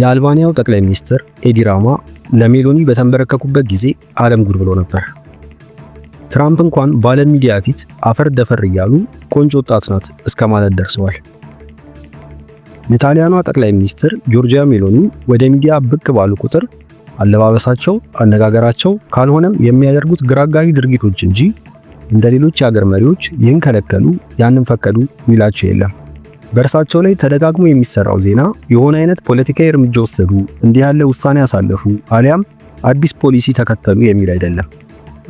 የአልባንያው ጠቅላይ ሚኒስትር ኤዲ ራማ ለሜሎኒ በተንበረከኩበት ጊዜ ዓለም ጉድ ብሎ ነበር። ትራምፕ እንኳን በዓለም ሚዲያ ፊት አፈር ደፈር እያሉ ቆንጆ ወጣት ናት እስከ ማለት ደርሰዋል። የጣሊያኗ ጠቅላይ ሚኒስትር ጆርጂያ ሜሎኒ ወደ ሚዲያ ብቅ ባሉ ቁጥር አለባበሳቸው፣ አነጋገራቸው ካልሆነም የሚያደርጉት ግራጋሪ ድርጊቶች እንጂ እንደ ሌሎች የሀገር መሪዎች ይህን ከለከሉ ያንን ፈቀዱ ሚላቸው የለም። በእርሳቸው ላይ ተደጋግሞ የሚሰራው ዜና የሆነ አይነት ፖለቲካዊ እርምጃ ወሰዱ፣ እንዲህ ያለ ውሳኔ ያሳለፉ፣ አሊያም አዲስ ፖሊሲ ተከተሉ የሚል አይደለም።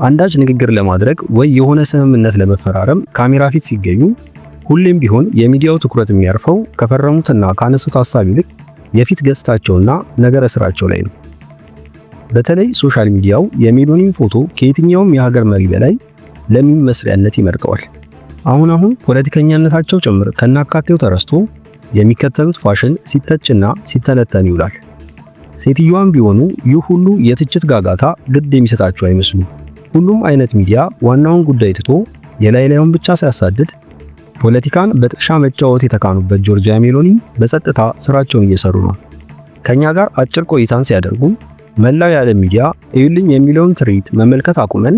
አንዳች ንግግር ለማድረግ ወይ የሆነ ስምምነት ለመፈራረም ካሜራ ፊት ሲገኙ ሁሌም ቢሆን የሚዲያው ትኩረት የሚያርፈው ከፈረሙትና ካነሱት ሀሳብ ይልቅ የፊት ገጽታቸውና ነገረ ስራቸው ላይ ነው። በተለይ ሶሻል ሚዲያው የሜሎኒን ፎቶ ከየትኛውም የሀገር መሪ በላይ ለሚመስሪያነት ይመርጠዋል። አሁን አሁን ፖለቲከኛነታቸው ጭምር ከናካቴው ተረስቶ የሚከተሉት ፋሽን ሲተችና ሲተነተን ይውላል። ሴትዮዋም ቢሆኑ ይህ ሁሉ የትችት ጋጋታ ግድ የሚሰጣቸው አይመስሉ። ሁሉም አይነት ሚዲያ ዋናውን ጉዳይ ትቶ የላይ ላዩን ብቻ ሲያሳድድ ፖለቲካን በጥቅሻ መጫወት የተካኑበት ጆርጂያ ሜሎኒ በጸጥታ ስራቸውን እየሰሩ ነው። ከኛ ጋር አጭር ቆይታን ሲያደርጉ መላው የዓለም ሚዲያ እዩልኝ የሚለውን ትርኢት መመልከት አቁመን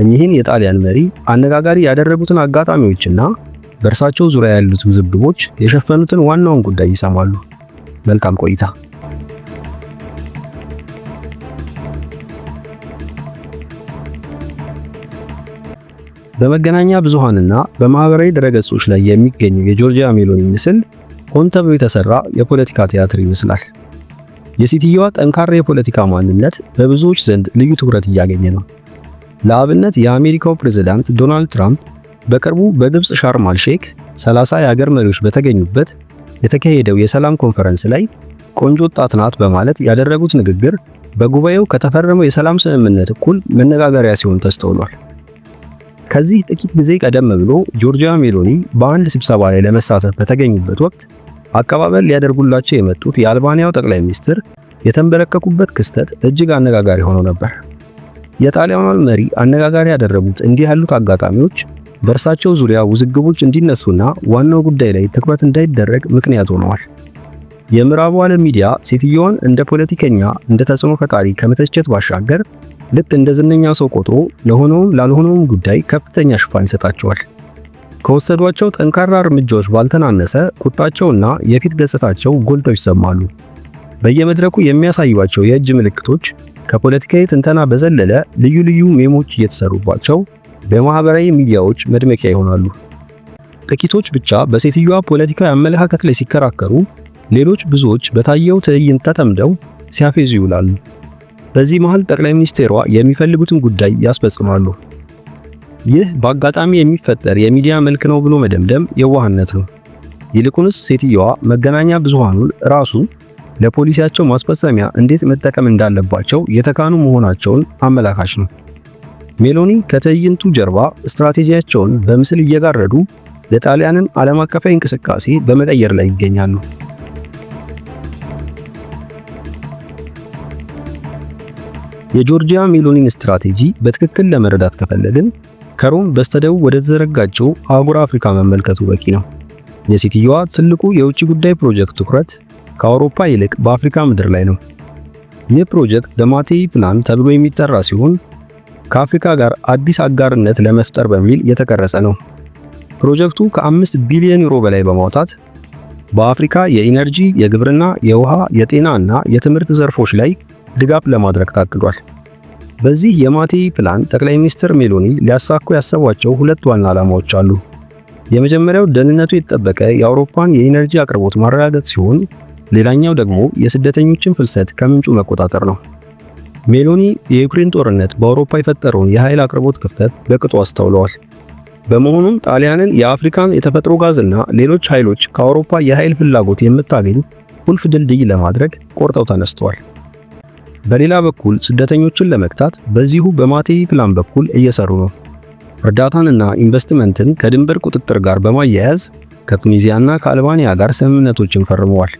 እኚህን የጣሊያን መሪ አነጋጋሪ ያደረጉትን አጋጣሚዎችና በእርሳቸው ዙሪያ ያሉት ውዝግቦች የሸፈኑትን ዋናውን ጉዳይ ይሰማሉ። መልካም ቆይታ። በመገናኛ ብዙሃንና በማህበራዊ ድረገጾች ላይ የሚገኘው የጆርጂያ ሜሎኒ ምስል ሆን ተብሎ የተሰራ የፖለቲካ ቲያትር ይመስላል። የሴትየዋ ጠንካራ የፖለቲካ ማንነት በብዙዎች ዘንድ ልዩ ትኩረት እያገኘ ነው። ለአብነት የአሜሪካው ፕሬዝዳንት ዶናልድ ትራምፕ በቅርቡ በግብፅ ሻርም አልሼክ 30 የአገር መሪዎች በተገኙበት የተካሄደው የሰላም ኮንፈረንስ ላይ ቆንጆ ወጣት ናት በማለት ያደረጉት ንግግር በጉባኤው ከተፈረመው የሰላም ስምምነት እኩል መነጋገሪያ ሲሆን ተስተውሏል። ከዚህ ጥቂት ጊዜ ቀደም ብሎ ጆርጂያ ሜሎኒ በአንድ ስብሰባ ላይ ለመሳተፍ በተገኙበት ወቅት አቀባበል ሊያደርጉላቸው የመጡት የአልባንያው ጠቅላይ ሚኒስትር የተንበረከኩበት ክስተት እጅግ አነጋጋሪ ሆኖ ነበር። የጣሊያን መሪ አነጋጋሪ ያደረጉት እንዲህ ያሉት አጋጣሚዎች በእርሳቸው ዙሪያ ውዝግቦች እንዲነሱና ዋናው ጉዳይ ላይ ትኩረት እንዳይደረግ ምክንያት ሆነዋል። የምዕራቡ ዓለም ሚዲያ ሴትየዋን እንደ ፖለቲከኛ፣ እንደ ተጽዕኖ ፈጣሪ ከመተቸት ባሻገር ልክ እንደ ዝነኛ ሰው ቆጥሮ ለሆነውም ላልሆነውም ጉዳይ ከፍተኛ ሽፋን ይሰጣቸዋል። ከወሰዷቸው ጠንካራ እርምጃዎች ባልተናነሰ ቁጣቸውና የፊት ገጽታቸው ጎልተው ይሰማሉ። በየመድረኩ የሚያሳዩቸው የእጅ ምልክቶች ከፖለቲካዊ ትንተና በዘለለ ልዩ ልዩ ሜሞች እየተሰሩባቸው በማህበራዊ ሚዲያዎች መድመቂያ ይሆናሉ። ጥቂቶች ብቻ በሴትዮዋ ፖለቲካዊ አመለካከት ላይ ሲከራከሩ፣ ሌሎች ብዙዎች በታየው ትዕይንት ተጠምደው ሲያፌዙ ይውላሉ። በዚህ መሃል ጠቅላይ ሚኒስቴሯ የሚፈልጉትን ጉዳይ ያስፈጽማሉ። ይህ በአጋጣሚ የሚፈጠር የሚዲያ መልክ ነው ብሎ መደምደም የዋህነት ነው። ይልቁንስ ሴትዮዋ መገናኛ ብዙሃኑን ራሱ ለፖሊሲያቸው ማስፈጸሚያ እንዴት መጠቀም እንዳለባቸው የተካኑ መሆናቸውን አመላካች ነው። ሜሎኒ ከትዕይንቱ ጀርባ ስትራቴጂያቸውን በምስል እየጋረዱ የጣሊያንን ዓለም አቀፋዊ እንቅስቃሴ በመቀየር ላይ ይገኛሉ። የጆርጂያ ሜሎኒን ስትራቴጂ በትክክል ለመረዳት ከፈለግን ከሮም በስተደቡብ ወደ ተዘረጋቸው አህጉረ አፍሪካ መመልከቱ በቂ ነው። የሴትየዋ ትልቁ የውጭ ጉዳይ ፕሮጀክት ትኩረት ከአውሮፓ ይልቅ በአፍሪካ ምድር ላይ ነው። ይህ ፕሮጀክት ደማቴ ፕላን ተብሎ የሚጠራ ሲሆን ከአፍሪካ ጋር አዲስ አጋርነት ለመፍጠር በሚል የተቀረጸ ነው። ፕሮጀክቱ ከአምስት ቢሊዮን ዩሮ በላይ በማውጣት በአፍሪካ የኢነርጂ፣ የግብርና፣ የውሃ፣ የጤና እና የትምህርት ዘርፎች ላይ ድጋፍ ለማድረግ ታቅዷል። በዚህ የማቴ ፕላን ጠቅላይ ሚኒስትር ሜሎኒ ሊያሳኩ ያሰቧቸው ሁለት ዋና ዓላማዎች አሉ። የመጀመሪያው ደህንነቱ የተጠበቀ የአውሮፓን የኢነርጂ አቅርቦት ማረጋገጥ ሲሆን ሌላኛው ደግሞ የስደተኞችን ፍልሰት ከምንጩ መቆጣጠር ነው። ሜሎኒ የዩክሬን ጦርነት በአውሮፓ የፈጠረውን የኃይል አቅርቦት ክፍተት በቅጡ አስተውለዋል። በመሆኑም ጣሊያንን የአፍሪካን የተፈጥሮ ጋዝና ሌሎች ኃይሎች ከአውሮፓ የኃይል ፍላጎት የምታገኝ ቁልፍ ድልድይ ለማድረግ ቆርጠው ተነስተዋል። በሌላ በኩል ስደተኞችን ለመግታት በዚሁ በማቴ ፕላን በኩል እየሰሩ ነው። እርዳታንና ኢንቨስትመንትን ከድንበር ቁጥጥር ጋር በማያያዝ ከቱኒዚያና ከአልባንያ ጋር ስምምነቶችን ፈርመዋል።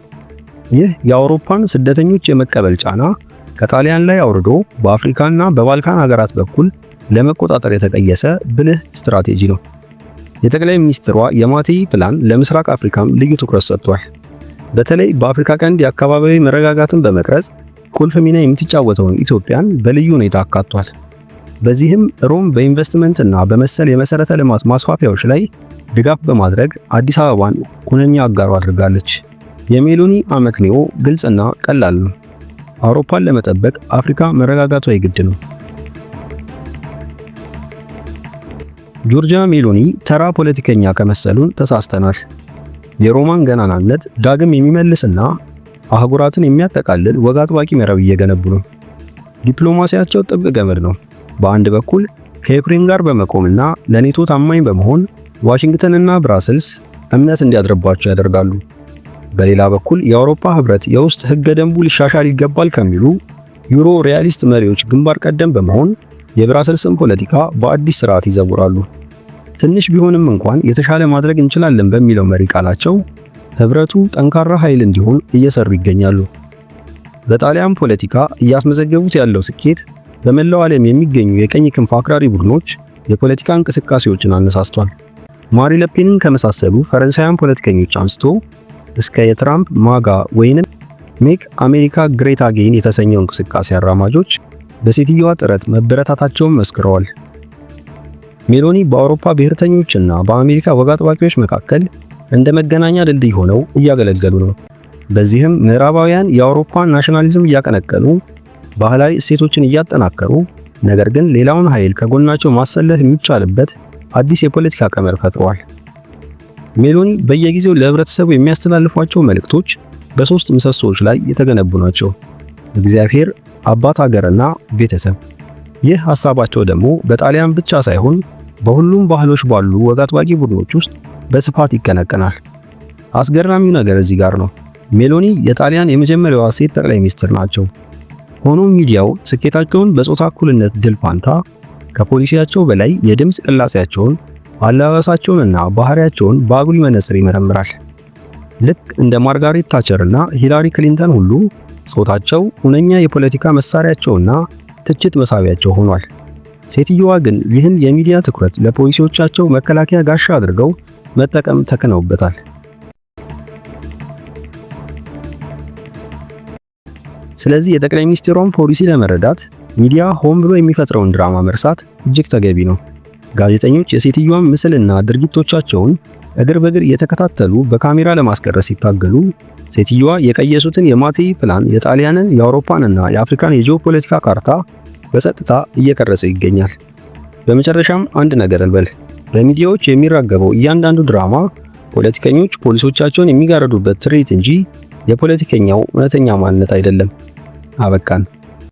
ይህ የአውሮፓን ስደተኞች የመቀበል ጫና ከጣሊያን ላይ አውርዶ በአፍሪካና በባልካን ሀገራት በኩል ለመቆጣጠር የተቀየሰ ብልህ ስትራቴጂ ነው። የጠቅላይ ሚኒስትሯ የማቴይ ፕላን ለምስራቅ አፍሪካም ልዩ ትኩረት ሰጥቷል። በተለይ በአፍሪካ ቀንድ የአካባቢያዊ መረጋጋትን በመቅረጽ ቁልፍ ሚና የምትጫወተውን ኢትዮጵያን በልዩ ሁኔታ አካቷል። በዚህም ሮም በኢንቨስትመንትና በመሰል የመሰረተ ልማት ማስፋፊያዎች ላይ ድጋፍ በማድረግ አዲስ አበባን ሁነኛ አጋሩ አድርጋለች። የሜሎኒ አመክንዮ ግልጽና ቀላል ነው። አውሮፓን ለመጠበቅ አፍሪካ መረጋጋቷ የግድ ነው። ጆርጂያ ሜሎኒ ተራ ፖለቲከኛ ከመሰሉን ተሳስተናል። የሮማን ገናናነት ዳግም የሚመልስና አህጉራትን የሚያጠቃልል ወግ አጥባቂ መረብ እየገነቡ ነው። ዲፕሎማሲያቸው ጥብቅ ገመድ ነው። በአንድ በኩል ከዩክሬን ጋር በመቆምና ለኔቶ ታማኝ በመሆን ዋሽንግተንና ብራስልስ እምነት እንዲያድርባቸው ያደርጋሉ። በሌላ በኩል የአውሮፓ ህብረት የውስጥ ህገ ደንቡ ሊሻሻል ይገባል ከሚሉ ዩሮ ሪያሊስት መሪዎች ግንባር ቀደም በመሆን የብራሰልስን ፖለቲካ በአዲስ ስርዓት ይዘውራሉ። ትንሽ ቢሆንም እንኳን የተሻለ ማድረግ እንችላለን በሚለው መሪ ቃላቸው ህብረቱ ጠንካራ ኃይል እንዲሆን እየሰሩ ይገኛሉ። በጣሊያን ፖለቲካ እያስመዘገቡት ያለው ስኬት በመላው ዓለም የሚገኙ የቀኝ ክንፍ አክራሪ ቡድኖች የፖለቲካ እንቅስቃሴዎችን አነሳስቷል። ማሪ ለፔንን ከመሳሰሉ ፈረንሳውያን ፖለቲከኞች አንስቶ እስከ የትራምፕ ማጋ ወይንም ሜክ አሜሪካ ግሬት አጌን የተሰኘው እንቅስቃሴ አራማጆች በሴትየዋ ጥረት መበረታታቸውን መስክረዋል። ሜሎኒ በአውሮፓ ብሔርተኞችና በአሜሪካ ወግ አጥባቂዎች መካከል እንደ መገናኛ ድልድይ ሆነው እያገለገሉ ነው። በዚህም ምዕራባውያን የአውሮፓን ናሽናሊዝም እያቀነቀኑ ባህላዊ እሴቶችን እያጠናከሩ ነገር ግን ሌላውን ኃይል ከጎናቸው ማሰለፍ የሚቻልበት አዲስ የፖለቲካ ቀመር ፈጥረዋል። ሜሎኒ በየጊዜው ለህብረተሰቡ የሚያስተላልፏቸው መልእክቶች በሶስት ምሰሶዎች ላይ የተገነቡ ናቸው። እግዚአብሔር፣ አባት፣ ሀገርና ቤተሰብ። ይህ ሐሳባቸው ደግሞ በጣሊያን ብቻ ሳይሆን በሁሉም ባህሎች ባሉ ወግ አጥባቂ ቡድኖች ውስጥ በስፋት ይቀነቀናል። አስገራሚው ነገር እዚህ ጋር ነው። ሜሎኒ የጣሊያን የመጀመሪያዋ ሴት ጠቅላይ ሚኒስትር ናቸው። ሆኖም ሚዲያው ስኬታቸውን በጾታ እኩልነት ድል ፋንታ ከፖሊሲያቸው በላይ የድምፅ ቅላጼያቸውን አለባበሳቸውንና ባህሪያቸውን በአጉሊ መነጽር ይመረምራል። ልክ እንደ ማርጋሬት ታቸር እና ሂላሪ ክሊንተን ሁሉ ጾታቸው ሁነኛ የፖለቲካ መሳሪያቸውና ትችት መሳቢያቸው ሆኗል። ሴትየዋ ግን ይህን የሚዲያ ትኩረት ለፖሊሲዎቻቸው መከላከያ ጋሻ አድርገው መጠቀም ተክነውበታል። ስለዚህ የጠቅላይ ሚኒስትሯን ፖሊሲ ለመረዳት ሚዲያ ሆን ብሎ የሚፈጥረውን ድራማ መርሳት እጅግ ተገቢ ነው። ጋዜጠኞች የሴትዮዋን ምስልና ድርጊቶቻቸውን እግር በእግር እየተከታተሉ በካሜራ ለማስቀረስ ሲታገሉ ሴትዮዋ የቀየሱትን የማቴ ፕላን የጣሊያንን የአውሮፓንና የአፍሪካን የጂኦፖለቲካ ካርታ በጸጥታ እየቀረጸው ይገኛል። በመጨረሻም አንድ ነገር እንበል። በሚዲያዎች የሚራገበው እያንዳንዱ ድራማ ፖለቲከኞች ፖሊሶቻቸውን የሚጋረዱበት ትርኢት እንጂ የፖለቲከኛው እውነተኛ ማንነት አይደለም። አበቃን።